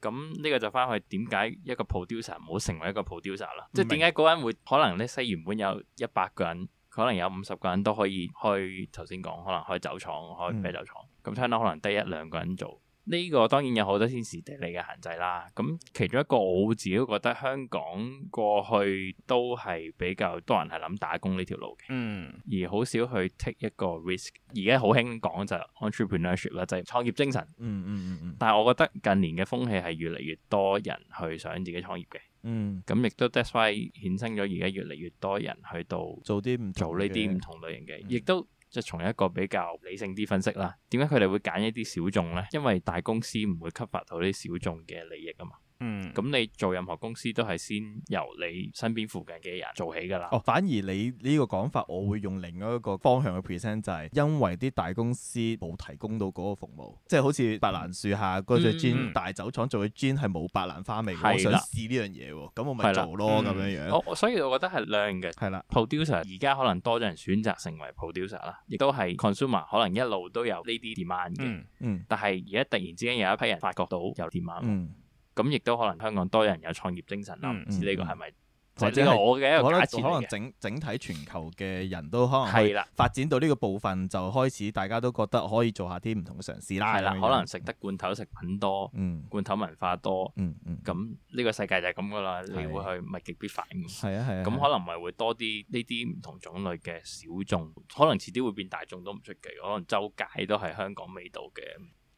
咁呢、嗯、個就翻去點解一個 producer 唔好成為一個 producer 啦？即係點解嗰個人會可能呢？西原本有一百個人，可能有五十個人都可以開頭先講，可能開酒廠、開啤酒廠，咁差唔多可能得一兩個人做。呢個當然有好多天時地利嘅限制啦。咁其中一個我自己都覺得香港過去都係比較多人係諗打工呢條路嘅，嗯。而好少去 take 一個 risk。而家好興講就 entrepreneurship 啦，就係創業精神，嗯嗯嗯。嗯嗯嗯，但係我覺得近年嘅風氣係越嚟越多人去想自己創業嘅，嗯。咁亦都 that’s why 衍生咗而家越嚟越多人去到做啲做呢啲唔同類型嘅，亦都。嗯嗯即係從一個比較理性啲分析啦，點解佢哋會揀一啲小眾咧？因為大公司唔會吸發到啲小眾嘅利益啊嘛。嗯，咁你做任何公司都係先由你身邊附近嘅人做起噶啦。哦，反而你呢個講法，我會用另外一個方向嘅 present，就係、是、因為啲大公司冇提供到嗰個服務，即係好似白蘭樹下嗰隻 gin，大酒廠做嘅 gin 係冇白蘭花味。的我想試呢、嗯、樣嘢，咁我咪做咯咁樣樣。所以我覺得係兩嘅。係啦，producer 而家可能多咗人選擇成為 producer 啦，亦都係 consumer 可能一路都有呢啲 demand 嘅。嗯，但係而家突然之間有一批人發覺到有 demand。嗯嗯咁亦都可能香港多人有創業精神啦，唔知呢個係咪？或者我嘅一個假設嚟嘅。可能整整體全球嘅人都可能係啦，發展到呢個部分就開始大家都覺得可以做下啲唔同嘅嘗試啦。係啦，可能食得罐頭食品多，罐頭文化多，咁呢個世界就係咁噶啦。你會去物極必反。係啊係啊。咁可能咪會多啲呢啲唔同種類嘅小眾，可能遲啲會變大眾都唔出奇。可能周街都係香港味道嘅。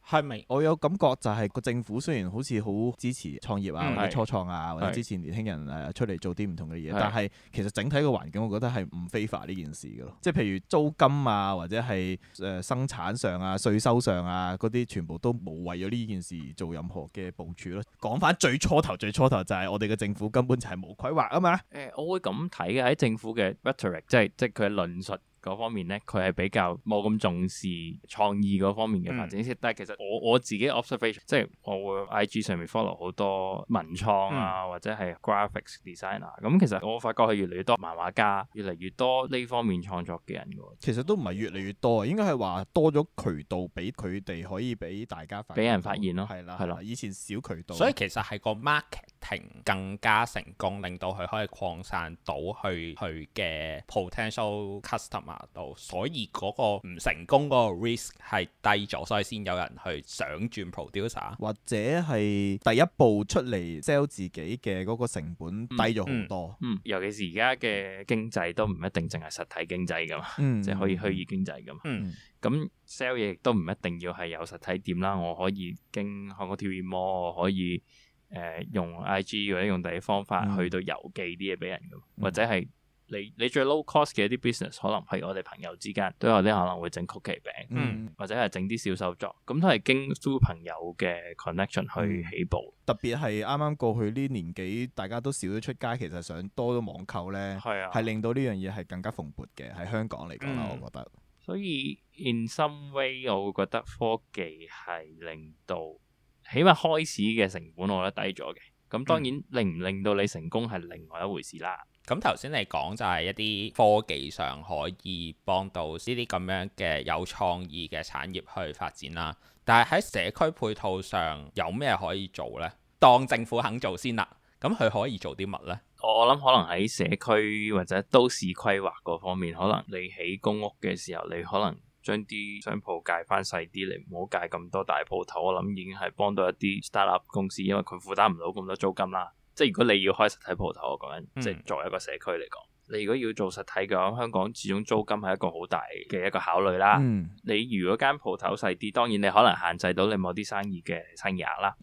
係咪？是是我有感覺就係個政府雖然好似好支持創業啊，或者初創啊或者支持年輕人誒出嚟做啲唔同嘅嘢，嗯，但係其實整體個環境，我覺得係唔 favor 呢件事嘅咯。即係譬如租金啊，或者係誒生產上啊，稅收上啊嗰啲，全部都冇為咗呢件事做任何嘅部署咯。講返最初頭，最初頭就係我哋嘅政府根本就係冇規劃啊嘛。誒、欸，我會咁睇嘅喺政府嘅 rhetoric，即係即係佢嘅論述。嗰方面咧，佢係比較冇咁重視創意嗰方面嘅發展、嗯、但係其實我我自己 observation，即係我會 IG 上面 follow 好多文創啊，嗯、或者係 graphics designer、嗯。咁其實我發覺佢越嚟越多漫畫家，越嚟越多呢方面創作嘅人㗎。其實都唔係越嚟越多，應該係話多咗渠道俾佢哋可以俾大家發俾人發現咯。係啦，係啦，以前小渠道。所以其實係個 marketing 更加成功，令到佢可以擴散到去佢嘅 potential customer。到，所以嗰個唔成功嗰個 risk 係低咗，所以先有人去想轉 producer，或者係第一步出嚟 sell 自己嘅嗰個成本低咗好多，嗯嗯。嗯，尤其是而家嘅經濟都唔一定淨係實體經濟噶嘛，即係、嗯、可以虛擬經濟噶嘛，嗯。嗯，咁 sell 嘢亦都唔一定要係有實體店啦，我可以經開個 TikTok，我可以誒、呃、用 IG 或者用第啲方法去到郵寄啲嘢俾人噶，或者係。嗯嗯嗯你你最 low cost 嘅一啲 business 可能係我哋朋友之間都有啲可能會整曲奇餅、嗯，或者係整啲小手作，咁都係經 through 朋友嘅 connection 去起步、嗯。特別係啱啱過去呢年幾，大家都少咗出街，其實想多咗網購咧，係、啊、令到呢樣嘢係更加蓬勃嘅喺香港嚟講啦，嗯、我覺得。所以 in some way 我會覺得科技係令到起碼開始嘅成本我覺得低咗嘅。咁、嗯、當然令唔令到你成功係另外一回事啦。咁頭先你講就係一啲科技上可以幫到呢啲咁樣嘅有創意嘅產業去發展啦，但係喺社區配套上有咩可以做呢？當政府肯做先啦，咁佢可以做啲乜呢？我諗可能喺社區或者都市規劃嗰方面，可能你起公屋嘅時候，你可能將啲商鋪界返細啲，嚟唔好界咁多大鋪頭。我諗已經係幫到一啲 startup 公司，因為佢負擔唔到咁多租金啦。即係如果你要開實體鋪頭，我講緊即係作為一個社區嚟講，嗯、你如果要做實體嘅話，香港始終租金係一個好大嘅一個考慮啦。嗯、你如果間鋪頭細啲，當然你可能限制到你某啲生意嘅生意額啦。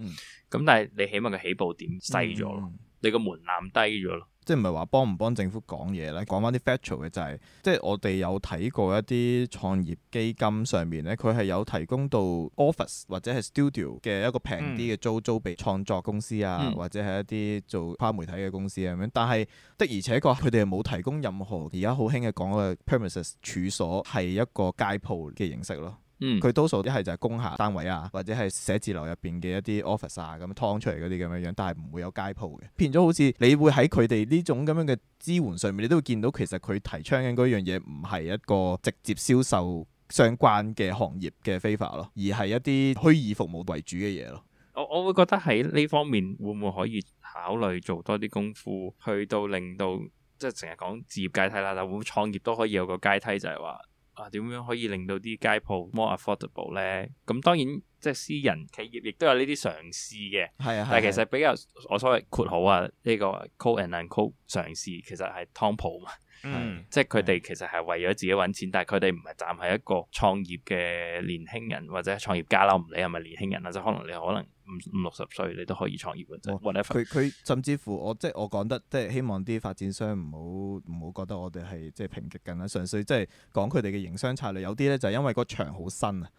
咁、嗯、但係你起碼個起步點細咗咯，嗯、你個門檻低咗咯。即係唔係話幫唔幫政府講嘢咧？講翻啲 factual 嘅就係、是，即係我哋有睇過一啲創業基金上面咧，佢係有提供到 office 或者係 studio 嘅一個平啲嘅租租俾創作公司啊，嗯、或者係一啲做跨媒體嘅公司咁樣，但係的而且確，佢哋係冇提供任何而家好興嘅講嘅 premises 處所係一個街鋪嘅形式咯。嗯，佢多數一係就係工廈單位啊，或者係寫字樓入邊嘅一啲 office 啊，咁劏出嚟嗰啲咁樣樣，但係唔會有街鋪嘅。變咗好似你會喺佢哋呢種咁樣嘅支援上面，你都會見到其實佢提倡緊嗰樣嘢唔係一個直接銷售相關嘅行業嘅非法咯，而係一啲虛擬服務為主嘅嘢咯。我我會覺得喺呢方面會唔會可以考慮做多啲功夫，去到令到即係成日講置業階梯啦，但係創業都可以有個階梯就，就係話。啊，點樣可以令到啲街鋪 more affordable 咧？咁當然即係私人企業亦都有呢啲嘗試嘅，係啊，但係其實比較、啊、我所謂括號啊呢、這個 quote and unquote 嘗試，其實係湯鋪嘛。嗯、即係佢哋其實係為咗自己揾錢，但係佢哋唔係站喺一個創業嘅年輕人或者創業家啦。唔理係咪年輕人啊，即可能你可能五五六十歲，50, 歲你都可以創業嘅啫。佢、哦、whatever 甚至乎我即係我講得即係希望啲發展商唔好唔好覺得我哋係即係抨擊緊啦，純粹即係講佢哋嘅營商策略。有啲呢就係因為個場好新啊，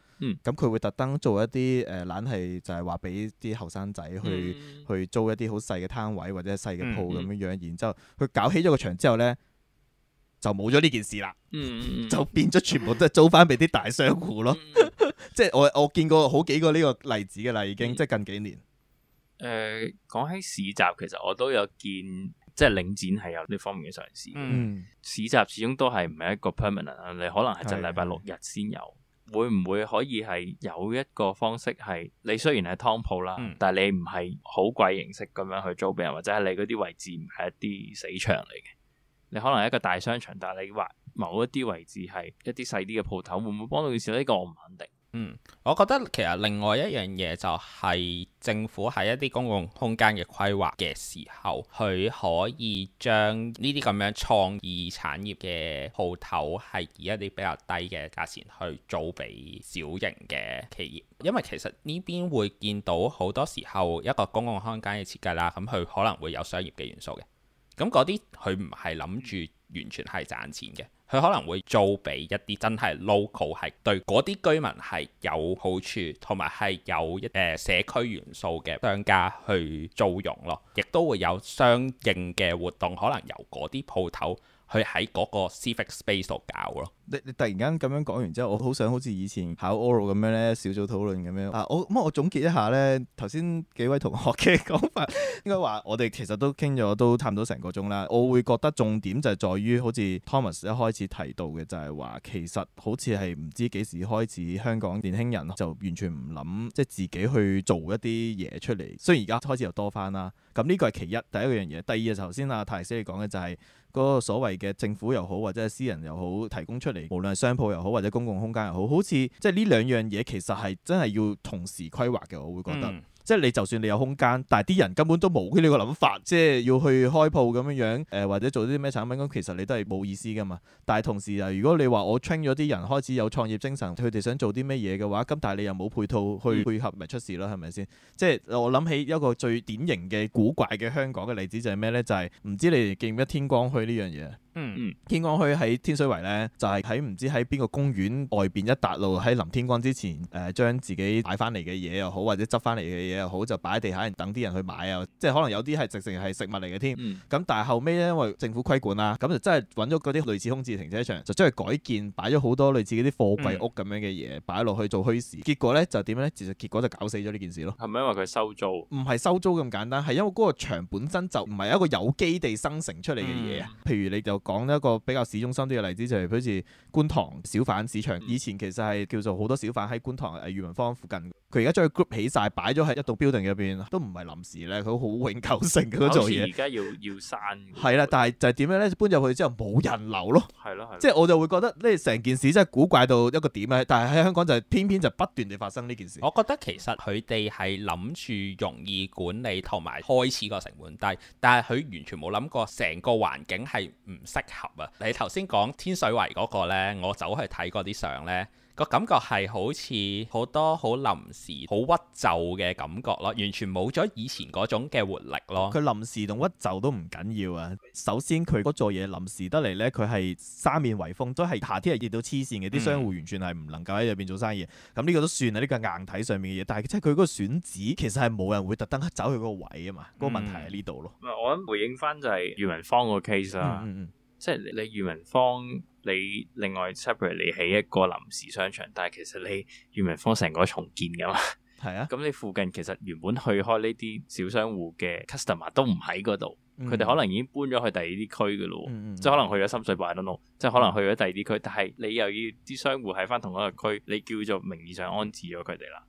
咁佢、嗯、會特登做一啲誒，懶、呃、係就係話俾啲後生仔去、嗯、去租一啲好細嘅攤位或者細嘅鋪咁樣樣，嗯嗯、然之後佢搞起咗個場之後呢。就冇咗呢件事啦，嗯、 就變咗全部都係租翻俾啲大商戶咯、 嗯。即係 我我見過好幾個呢個例子嘅啦，已經即係近幾年。誒、嗯，講起市集，其實我都有見，即係領展係有呢方面嘅嘗試。嗯、市集始終都係唔係一個 permanent 啊，你可能係就禮拜六日先有。的會唔會可以係有一個方式係？你雖然係湯鋪啦，嗯、但係你唔係好貴形式咁樣去租俾人，或者係你嗰啲位置唔係一啲死場嚟嘅。你可能一個大商場，但係你話某一啲位置係一啲細啲嘅鋪頭，會唔會幫到件少？呢個我唔肯定。嗯，我覺得其實另外一樣嘢就係政府喺一啲公共空間嘅規劃嘅時候，佢可以將呢啲咁樣創意產業嘅鋪頭係以一啲比較低嘅價錢去租俾小型嘅企業，因為其實呢邊會見到好多時候一個公共空間嘅設計啦，咁，嗯，佢可能會有商業嘅元素嘅。咁嗰啲佢唔係諗住完全係賺錢嘅，佢可能會租俾一啲真係 local 係對嗰啲居民係有好處同埋係有一誒、呃、社區元素嘅商家去租用咯，亦都會有相應嘅活動，可能由嗰啲鋪頭。佢喺嗰個 specific space 度搞咯。你你突然間咁樣講完之後，我好想好似以前考 oral 咁樣咧，小組討論咁樣。啊，我咁我總結一下咧，頭先幾位同學嘅講法， 應該話我哋其實都傾咗都差唔多成個鐘啦。我會覺得重點就係在於，好似 Thomas 一開始提到嘅，就係話其實好似係唔知幾時開始，香港年輕人就完全唔諗即係自己去做一啲嘢出嚟。雖然而家開始又多翻啦。咁呢個係其一第一樣嘢，第二、啊、就頭先阿泰斯你講嘅就係嗰個所謂嘅政府又好或者係私人又好提供出嚟，無論係商鋪又好或者公共空間又好，好似即係呢兩樣嘢其實係真係要同時規劃嘅，我會覺得。嗯即係你就算你有空間，但係啲人根本都冇呢個諗法，即係要去開鋪咁樣樣，誒、呃、或者做啲咩產品咁，其實你都係冇意思噶嘛。但係同時啊，如果你話我 train 咗啲人開始有創業精神，佢哋想做啲咩嘢嘅話，咁但係你又冇配套去配合咪、嗯、出事咯，係咪先？即係我諗起一個最典型嘅古怪嘅香港嘅例子就係咩呢？就係、是、唔知你哋記唔記得天光墟呢樣嘢？嗯嗯，天光墟喺天水圍咧，就係喺唔知喺邊個公園外邊一笪路，喺臨天光之前，誒、呃、將自己擺翻嚟嘅嘢又好，或者執翻嚟嘅嘢又好，就擺喺地下，然後等啲人去買啊。即係可能有啲係直情係食物嚟嘅添。咁、嗯、但係後尾咧，因為政府規管啦，咁就真係揾咗嗰啲類似空置停車場，就將佢改建，擺咗好多類似嗰啲貨櫃屋咁樣嘅嘢擺落去做墟市。結果咧就點咧？其實結果就搞死咗呢件事咯。係咪因為佢收租？唔係收租咁簡單，係因為嗰個場本身就唔係一個有機地生成出嚟嘅嘢啊。嗯、譬如你就。講一個比較市中心啲嘅例子，就係好似觀塘小販市場，以前其實係叫做好多小販喺觀塘裕民坊附近，佢而家將佢 group 起晒，擺咗喺一度 building 入邊，都唔係臨時咧，佢好永久性咁樣做嘢。而家要要刪。係啦，但係就係點樣咧？搬入去之後冇人流咯。係咯係。即係我就會覺得呢成件事真係古怪到一個點啊！但係喺香港就係偏偏就不斷地發生呢件事。我覺得其實佢哋係諗住容易管理同埋開始個成本低，但係佢完全冇諗過成個環境係唔～適合啊！你頭先講天水圍嗰個咧，我走去睇嗰啲相呢，個感覺係好似好多好臨時、好屈就嘅感覺咯，完全冇咗以前嗰種嘅活力咯。佢臨時同屈就都唔緊要啊！首先佢嗰座嘢臨時得嚟呢，佢係三面圍封，都係夏天係熱到黐線嘅，啲商戶完全係唔能夠喺入邊做生意。咁呢、嗯、個都算係呢個硬體上面嘅嘢，但係即係佢嗰個選址其實係冇人會特登走去嗰個位啊嘛，嗰、嗯、個問題喺呢度咯。我諗回應翻就係余文芳個 case。即係你裕民坊，你另外 separate 你起一個臨時商場，但係其實你裕民坊成個重建噶嘛。係是啊、嗯，咁你附近其實原本去開呢啲小商戶嘅 customer 都唔喺嗰度，佢哋可能已經搬咗去第二啲區噶咯，嗯嗯，即係可能去咗深水埗嗰度，I don't know, 即係可能去咗第二啲區。但係你又要啲商戶喺翻同一個區，你叫做名義上安置咗佢哋啦。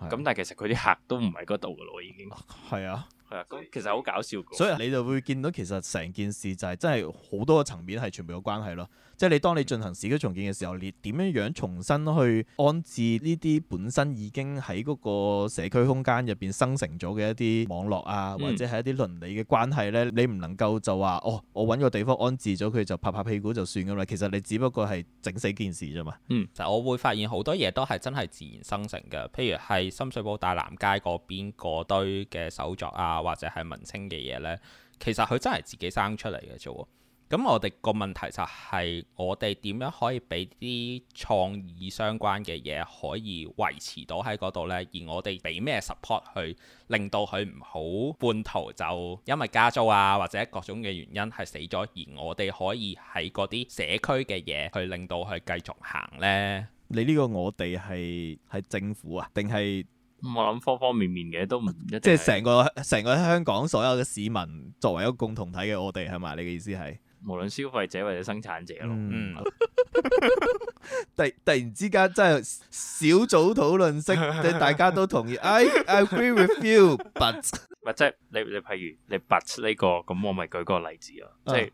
咁是、啊、但係其實佢啲客都唔喺嗰度噶咯，已經係是啊。 係啊，咁其實好搞笑。所以你就會見到其實成件事就係真係好多個層面係全部有關係咯。即係你當你進行市區重建嘅時候，你點樣樣重新去安置呢啲本身已經喺嗰個社區空間入邊生成咗嘅一啲網絡啊，或者係一啲鄰里嘅關係呢？嗯、你唔能夠就話哦，我揾個地方安置咗佢就拍拍屁股就算噶啦。其實你只不過係整死件事啫嘛。嗯，其實我會發現好多嘢都係真係自然生成嘅，譬如係深水埗大南街嗰邊嗰堆嘅手作啊。或者係文青嘅嘢咧，其實佢真係自己生出嚟嘅啫。咁我哋個問題就係我哋點樣可以俾啲創意相關嘅嘢可以維持到喺嗰度咧？而我哋俾咩 support 去令到佢唔好半途就因為加租啊，或者各種嘅原因係死咗？而我哋可以喺嗰啲社區嘅嘢去令到佢繼續行咧？你呢個我哋係係政府啊，定係。我諗方方面面嘅都唔即係成個成個香港所有嘅市民作為一個共同體嘅我哋係嘛？你嘅意思係無論消費者或者生產者咯。突突然之間真係小組討論式，即係大家都同意。 I I，agree with you，but 唔係即係你你譬如你 but 呢、這個咁，我咪舉個例子咯，即係、嗯。.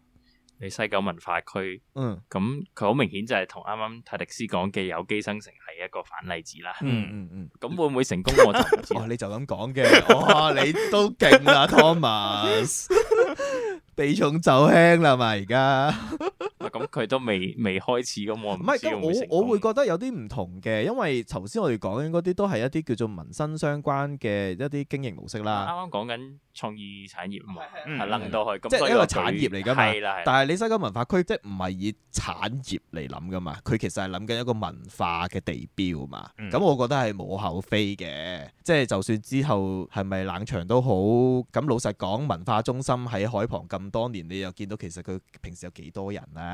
你西九文化區，咁佢好明顯就係同啱啱泰迪斯講嘅有機生成係一個反例子啦、嗯。嗯嗯嗯，咁會唔會成功？我就唔知啦。哇、 哦，你就咁講嘅， 哇，你都勁啦，Thomas，避重就輕啦，係咪而家？咁佢 都未未開始，咁我唔係，我我會覺得有啲唔同嘅，因為頭先我哋講緊嗰啲都係一啲叫做民生相關嘅一啲經營模式啦。啱啱講緊創意產業嘛，係諗到去，嗯、即係一個產業嚟㗎嘛。但係你西九文化區即係唔係以產業嚟諗㗎嘛？佢其實係諗緊一個文化嘅地標嘛。咁、嗯、我覺得係無厚非嘅，即係就算之後係咪冷場都好。咁老實講，文化中心喺海旁咁多年，你又見到其實佢平時有幾多人啊？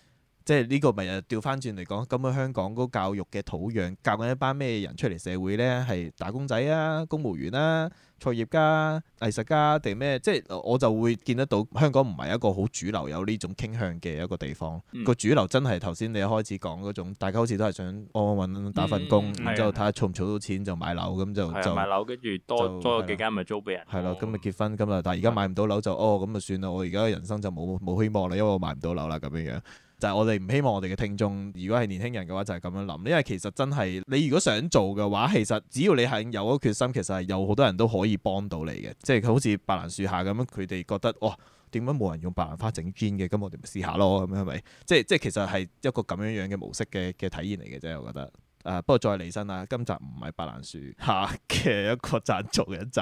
即係呢個咪又調翻轉嚟講，咁樣香港嗰教育嘅土壤教緊一班咩人出嚟社會咧？係打工仔啊、公務員啦、啊、創業家、藝術家定咩？即係我就會見得到香港唔係一個好主流有呢種傾向嘅一個地方。嗯、個主流真係頭先你開始講嗰種，大家好似都係想安安穩穩打份工，嗯、然之後睇下儲唔儲到錢買就買樓咁就就買樓，跟住多多咗幾間咪租俾人。係咯，咁咪結婚咁啊！但係而家買唔到樓就哦咁就算啦！我而家人生就冇冇希望啦，因為我買唔到樓啦咁樣樣。就係我哋唔希望我哋嘅聽眾，如果係年輕人嘅話，就係咁樣諗。因為其實真係你如果想做嘅話，其實只要你係有嗰決心，其實係有好多人都可以幫到你嘅。即係佢好似白蘭樹下咁樣，佢哋覺得哇，點解冇人用白蘭花整 Gin 嘅？咁我哋咪試下咯，咁樣係咪？即係即係其實係一個咁樣樣嘅模式嘅嘅體現嚟嘅啫，我覺得。誒、啊，不過再離身啦，今集唔係白蘭樹下嘅一個贊助嘅一集，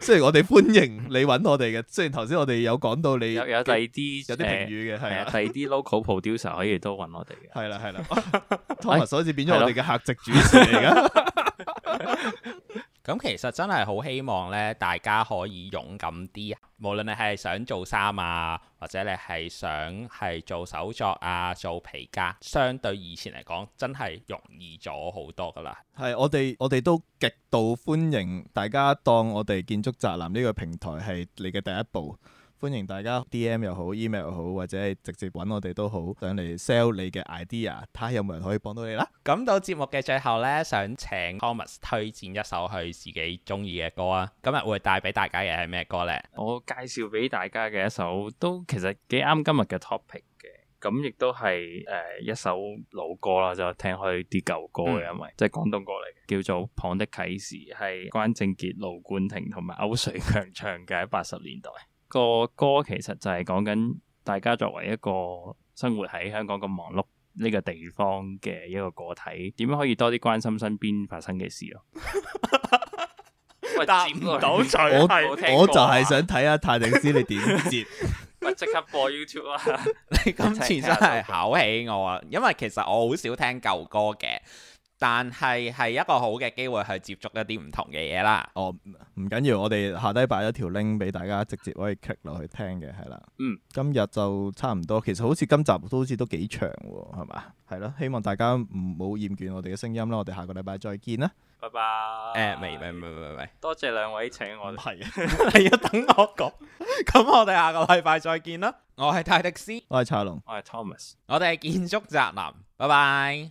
雖然我哋歡迎你揾我哋嘅。雖然頭先我哋有講到你有有第啲有啲評語嘅係、呃、啊，第啲 local producer 可以多揾我哋嘅。係啦係啦，所以，啊啊，變咗我哋嘅客席主持嚟㗎。 啊 咁其實真係好希望咧，大家可以勇敢啲。無論你係想做衫啊，或者你係想係做手作啊，做皮革，相對以前嚟講，真係容易咗好多㗎喇。係，我哋我哋都極度歡迎大家當我哋建築宅男呢個平台係你嘅第一步。歡迎大家 D M 又好 email 又好，或者係直接揾我哋都好，上嚟 sell 你嘅 idea，睇下有冇人可以幫到你啦。咁到節目嘅最後呢，想請 Thomas 推薦一首佢自己中意嘅歌啊！今日會帶俾大家嘅係咩歌呢？我介紹俾大家嘅一首都其實幾啱今日嘅 topic 嘅，咁亦都係誒、呃、一首老歌啦，就聽開啲舊歌嘅，嗯、因為即係廣東歌嚟，嘅，叫做《蚌的啟示》，係關正傑、盧冠廷同埋區瑞強唱嘅，喺八十年代。個歌其實就係講緊大家作為一個生活喺香港咁忙碌呢個地方嘅一個個體，點樣可以多啲關心身邊發生嘅事咯？得唔到罪，達不 我就係想睇下泰定斯你點接， 我即刻播 YouTube 啊！ 你今次真係考起我啊！ 因為其實我好少聽舊歌嘅。但係係一個好嘅機會去接觸一啲唔同嘅嘢啦。哦，唔緊要，我哋下低擺咗條 link 俾大家直接可以 click 落去聽嘅，係啦。嗯，今日就差唔多，其實好似今集都好似都幾長，係嘛？係咯，希望大家唔好厭倦我哋嘅聲音啦。我哋下個禮拜再見啦，拜拜。誒，未未未未未未，多謝兩位請我。係你要等我講，咁我哋下個禮拜再見啦。我係泰迪斯，我係查龍，我係 Thomas，我哋係建築宅男，拜拜。